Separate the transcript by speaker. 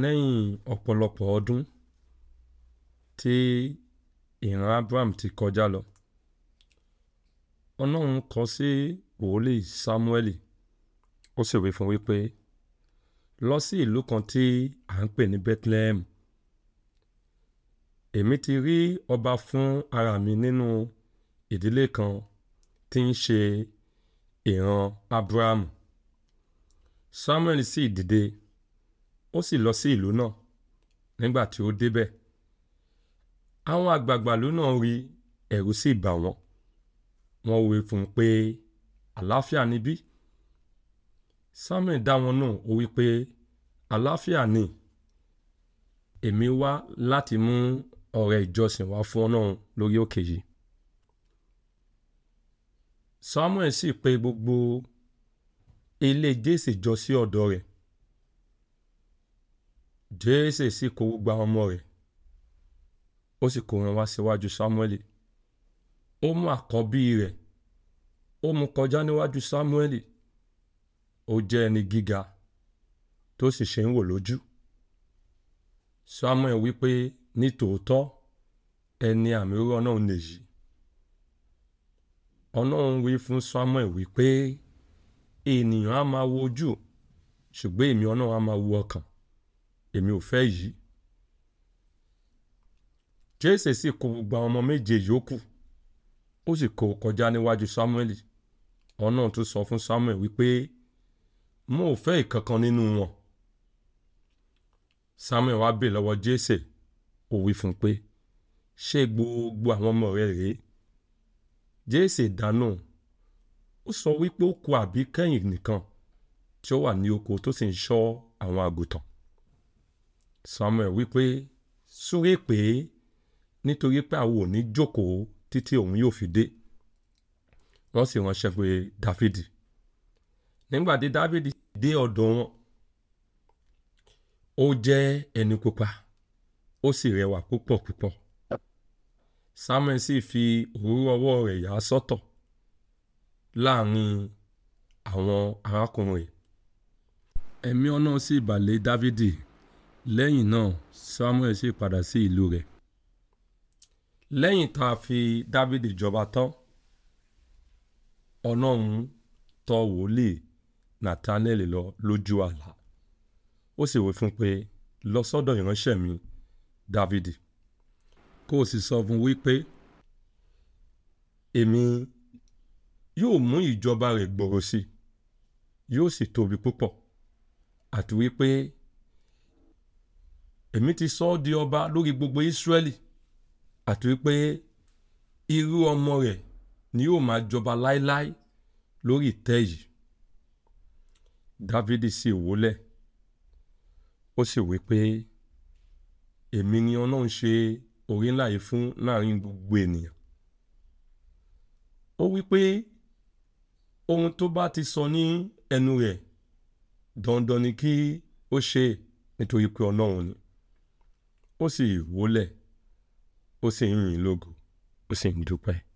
Speaker 1: lẹ́yìn ọ̀pọ̀lọpọ̀ ọdún tí ìran abraham ti kọjá lọ ọlọ́run kọ sí wòlíì sámúẹ́lì ó sì wí fún wípé lọ sí ìlú kan tí à ń pè ní bethlehem èmi ti rí ọba fún ara mi nínú ìdílé kan tí ń ṣe ìran abrahamu samuel sì dìde ó sì lọ sí ìlú náà nígbà tí ó débẹ̀ àwọn àgbààgbà ìlú náà rí ẹ̀rù sì bà wọ́n wọ́n wí fún un pé àlàáfíà níbí samuel dá wọn náà ó wí pé àlàáfíà ni èmi wá láti mú ọ̀rẹ́ ìjọsìn wá fún ọlọ́run lórí òkè yìí samuel sì pe gbogbo ilé jésè jọ sí ọ̀dọ̀ rẹ̀ jesse sì kó gba ọmọ rẹ̀ ó sì kó wọn wá síwájú samuel ó mú àkọ́bí rẹ̀ ó mú kọjá níwájú samuel ó jẹ́ ẹni gíga tó sì ṣe ń wò lójú samuel wípé ní tòótọ́ ẹni àmì rírọ́ náà nìyí ọlọ́run wí fún samuel wípé ènìyàn á máa wo ṣùgbọ́n èmi ọlọ́run á máa wo ọkàn èmi ò fẹ́ yìí jésè sì kó gba ọmọ méje yòókù ó sì kó kọjá níwájú sámúẹ́lì ọ̀nà tún sọ fún sámúẹ́lì wípé mo ò fẹ́ ìkankan nínú wọn samuel wá bè lọ́wọ́ jésè ó wí fún un pé ṣé gbogbo àwọn ọmọ rẹ rèé jésè dáná ó sọ wípé ó kù àbíkẹ́yìn nìkan tí ó wà ní oko tó sì ń ṣọ́ àwọn àgùntàn samuel wípé súré pè é nítorí pé àwọn ò ní jókòó títí òun yóò fi dé wọ́n sì ránṣẹ́ pé dáfídì nígbà tí dáfídì dé ọ̀dọ̀ wọn ó jẹ́ ẹni pupa ó sì rẹwà púpọ̀ púpọ̀ samuel sì fi òróró ọwọ́ rẹ̀ yà sọ́tọ̀ láàrin àwọn arákùnrin ẹ̀mí ọ̀nà sì bà dáfídì lẹ́yìn náà samuel sì padà sí ìlú rẹ̀. lẹ́yìn tá a fi dáfídì jọba tán ọlọ́run tọ̀ wòlíì nathanael lọ lójú àlá ó sì wí fún pé lọ sọ́dọ̀ ìránṣẹ́ mi dáfídì kó o sì sọ fún wípé èmi yóò mú ìjọba rẹ̀ gbòòrò sí yóò sì tóbi púpọ̀ àti wípé èmi ti sọ ọ́ di ọba lórí gbogbo Ísírẹ́lì àti wípé irú ọmọ rẹ̀ ni yóò máa jọba láéláé lórí ìtẹ́ yìí Dávidi sì wólẹ̀ ó sì wí pé èmi ni Ọlọ́run ṣe orí ńlá yìí fún láàrin gbogbo ènìyàn ó wí pé ohun tó bá ti sọ ní ẹnu rẹ̀ dandan ni kí ó ṣe nítorí pé Ọlọ́run ni ó sì wólẹ̀ ó sì ń yìn ín lógo ó sì ń dúpẹ́